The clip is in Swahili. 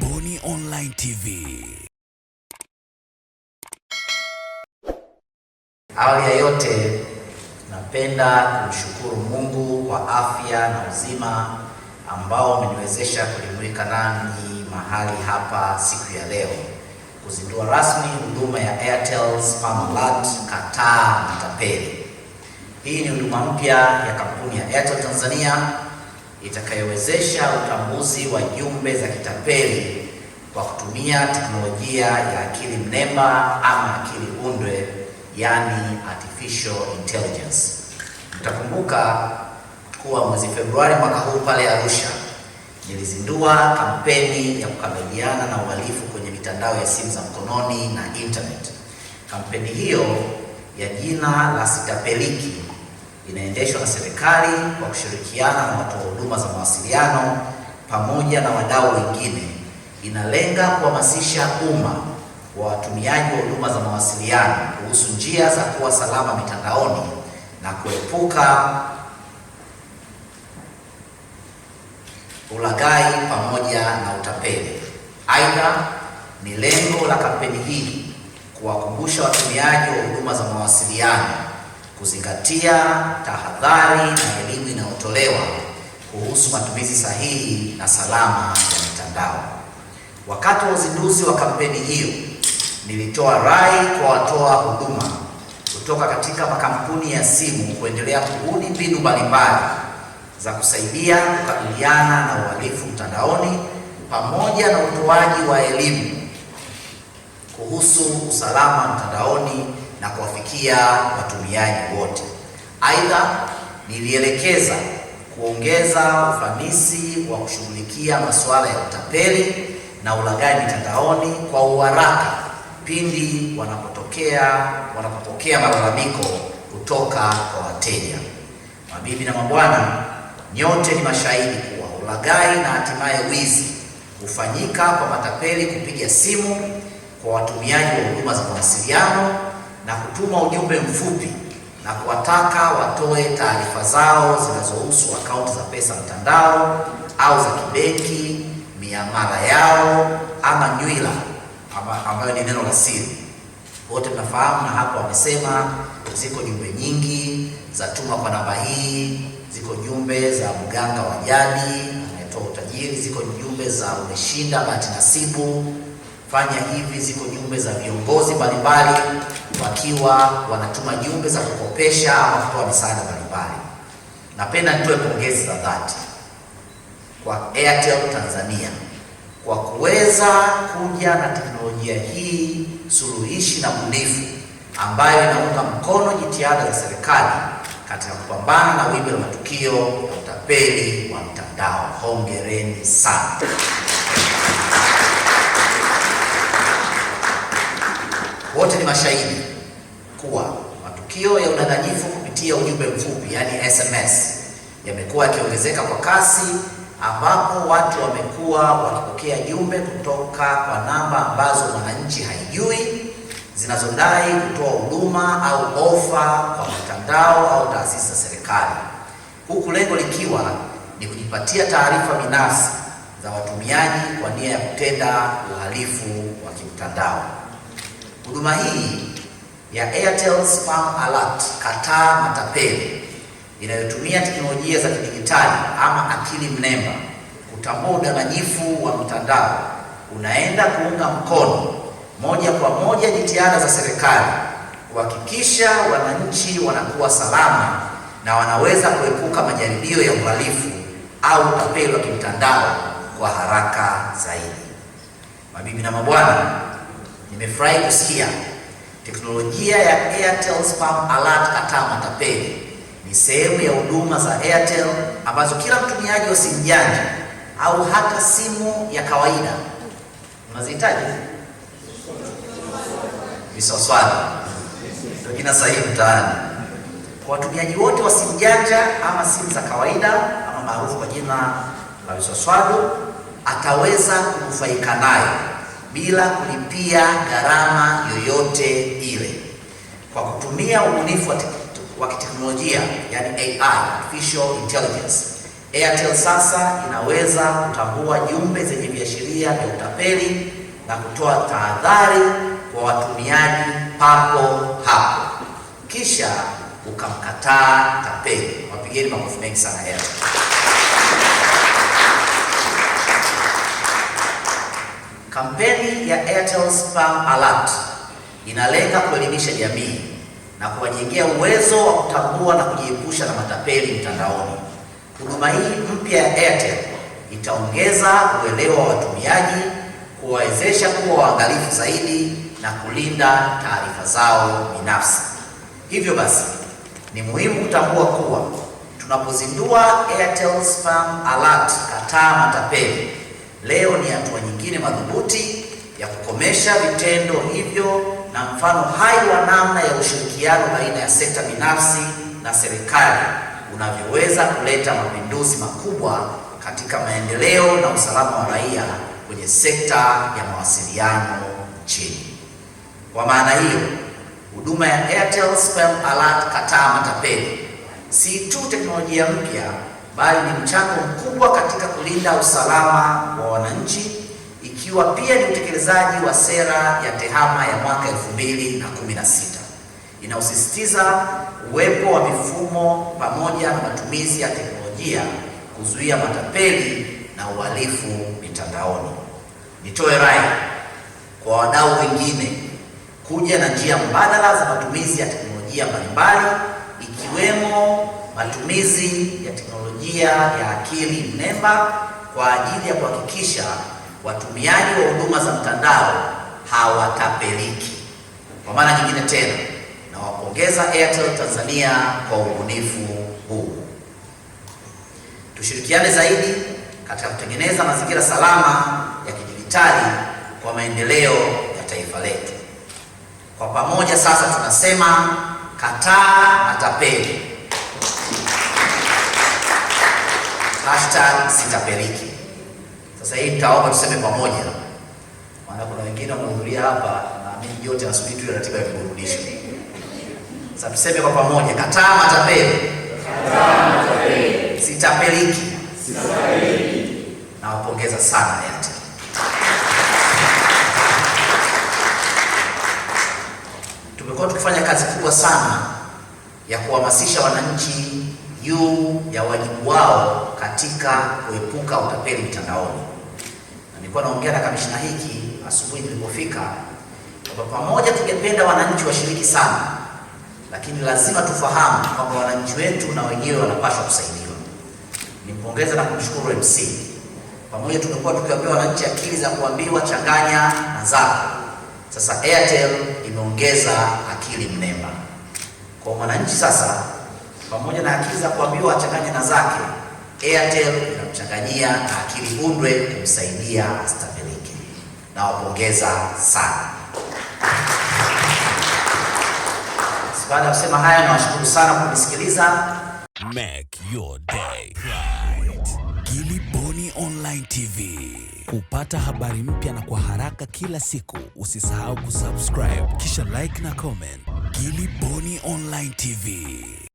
Billy Online TV. Awali ya yote, napenda kumshukuru Mungu kwa afya na uzima ambao umeniwezesha kujumuika nani mahali hapa siku ya leo kuzindua rasmi huduma ya Airtel Alert Kataa Matapeli. Hii ni huduma mpya ya kampuni ya Airtel Tanzania itakayowezesha utambuzi wa jumbe za kitapeli kwa kutumia teknolojia ya akili mnemba ama akili undwe yani artificial intelligence. Mtakumbuka kuwa mwezi Februari mwaka huu pale Arusha nilizindua kampeni ya kukabiliana na uhalifu kwenye mitandao ya simu za mkononi na internet. Kampeni hiyo ya jina la Sitapeliki inaendeshwa na serikali kwa kushirikiana na watoa huduma za mawasiliano pamoja na wadau wengine, inalenga kuhamasisha umma wa watumiaji wa huduma za mawasiliano kuhusu njia za kuwa salama mitandaoni na kuepuka ulagai pamoja na utapeli. Aidha, ni lengo la kampeni hii kuwakumbusha watumiaji wa huduma za mawasiliano kuzingatia tahadhari na elimu inayotolewa kuhusu matumizi sahihi na salama ya mitandao. Wakati wa uzinduzi wa kampeni hiyo, nilitoa rai kwa watoa huduma kutoka katika makampuni ya simu kuendelea kubuni mbinu mbalimbali za kusaidia kukabiliana na uhalifu mtandaoni pamoja na utoaji wa elimu kuhusu usalama mtandaoni na kuwafikia watumiaji wote. Aidha, nilielekeza kuongeza ufanisi wa kushughulikia masuala ya utapeli na ulaghai mitandaoni kwa uharaka pindi wanapotokea wanapopokea malalamiko kutoka kwa wateja. Mabibi na mabwana, nyote ni mashahidi kuwa ulaghai na hatimaye wizi hufanyika kwa matapeli kupiga simu kwa watumiaji wa huduma za mawasiliano na kutuma ujumbe mfupi na kuwataka watoe taarifa zao zinazohusu akaunti za pesa mtandao au za kibenki, miamala yao ama nywila ambayo ni neno la siri. Wote mnafahamu, na hapo wamesema ziko jumbe nyingi za tuma kwa namba hii, ziko jumbe za mganga wa jadi anayetoa utajiri, ziko jumbe za umeshinda bahati nasibu, fanya hivi, ziko jumbe za viongozi mbalimbali wakiwa wanatuma jumbe za kukopesha ama kutoa misaada mbalimbali. Napenda nitoe pongezi za dhati kwa Airtel Tanzania kwa kuweza kuja na teknolojia hii suluhishi na bunifu ambayo inaunga mkono jitihada za serikali katika kupambana na wimbi la matukio ya utapeli wa mtandao. Hongereni sana. wote ni mashahidi kuwa matukio ya udanganyifu kupitia ujumbe mfupi yaani SMS yamekuwa yakiongezeka kwa kasi, ambapo watu wamekuwa wakipokea jumbe kutoka kwa namba ambazo mwananchi haijui zinazodai kutoa huduma au ofa kwa mtandao au taasisi za serikali, huku lengo likiwa ni kujipatia taarifa binafsi za watumiaji kwa nia ya kutenda uhalifu wa kimtandao. Huduma hii ya Airtel Spam Alert, kataa matapeli, inayotumia teknolojia za kidijitali ama akili mnemba kutambua udanganyifu wa mtandao, unaenda kuunga mkono moja kwa moja jitihada za serikali kuhakikisha wananchi wanakuwa salama na wanaweza kuepuka majaribio ya uhalifu au utapeli wa kimtandao kwa haraka zaidi. Mabibi na mabwana Nimefurahi kusikia teknolojia ya Airtel Spam Alert Katama Tapeli ni sehemu ya huduma za Airtel ambazo kila mtumiaji wa simu janja au hata simu ya kawaida unazihitaji. Viswaswali ndio jina sahihi mtaani kwa watumiaji wote wa simu janja ama simu za kawaida ama maarufu kwa jina la visoswado, ataweza kunufaika nayo bila kulipia gharama yoyote ile kwa kutumia ubunifu wa kiteknolojia yani AI, artificial intelligence. Airtel sasa inaweza kutambua jumbe zenye viashiria vya utapeli na kutoa tahadhari kwa watumiaji papo hapo, kisha ukamkataa tapeli. Wapigeni makofi mengi sana Airtel. Kampeni ya Airtel Spam Alert inalenga kuelimisha jamii na kuwajengea uwezo wa kutambua na kujiepusha na matapeli mtandaoni. Huduma hii mpya ya Airtel itaongeza uelewa wa watumiaji, kuwawezesha kuwa waangalifu zaidi na kulinda taarifa zao binafsi. Hivyo basi, ni muhimu kutambua kuwa tunapozindua Airtel Spam Alert, kataa matapeli Leo ni hatua nyingine madhubuti ya kukomesha vitendo hivyo na mfano hai wa namna ya ushirikiano baina ya sekta binafsi na serikali unavyoweza kuleta mapinduzi makubwa katika maendeleo na usalama wa raia kwenye sekta ya mawasiliano nchini. Kwa maana hiyo, huduma ya Airtel Spam Alert Kataa Matapeli si tu teknolojia mpya bali ni mchango mkubwa katika kulinda usalama wa wananchi, ikiwa pia ni utekelezaji wa sera ya TEHAMA ya mwaka 2016 inayosisitiza uwepo wa mifumo pamoja na matumizi ya teknolojia kuzuia matapeli na uhalifu mitandaoni. Nitoe rai kwa wadau wengine kuja na njia mbadala za matumizi ya teknolojia mbalimbali ikiwemo matumizi ya teknolojia ya akili mnemba kwa ajili ya kuhakikisha watumiaji wa huduma za mtandao hawatapeliki. Kwa maana nyingine tena, nawapongeza Airtel Tanzania kwa ubunifu huu. Tushirikiane zaidi katika kutengeneza mazingira salama ya kidijitali kwa maendeleo ya taifa letu. Kwa pamoja sasa tunasema kataa na tapeli. hashtag sitapeliki. Sasa hii nitaomba tuseme pamoja, maana kuna wengine wamehudhuria hapa, naamini yote nasubiri tu ratiba ya kurudisha. Sasa tuseme kwa pamoja, kataa matapeli, sitapeliki. Nawapongeza sana yote. Tumekuwa tukifanya kazi kubwa sana ya kuhamasisha wananchi juu ya wajibu wao katika kuepuka utapeli mtandaoni. Na nilikuwa naongea na kamishna hiki asubuhi nilipofika, kwamba pamoja tungependa wananchi washiriki sana, lakini lazima tufahamu kwamba wananchi wetu na wenyewe wanapaswa kusaidiwa. nimpongeza na kumshukuru MC, pamoja tumekuwa tukiwaambia wananchi akili za kuambiwa changanya na zako. Sasa Airtel imeongeza akili mnemba kwa mwananchi sasa pamoja na akili za kuambiwa achanganye na zake, Airtel inamchanganyia na akili bundwe kumsaidia astafirike. Nawapongeza sana. Baada ya kusema haya, nawashukuru sana kwa kunisikiliza. Make your day right. Gilly Bonny Online TV, kupata habari mpya na kwa haraka kila siku, usisahau kusubscribe kisha like na comment. Gilly Bonny Online TV.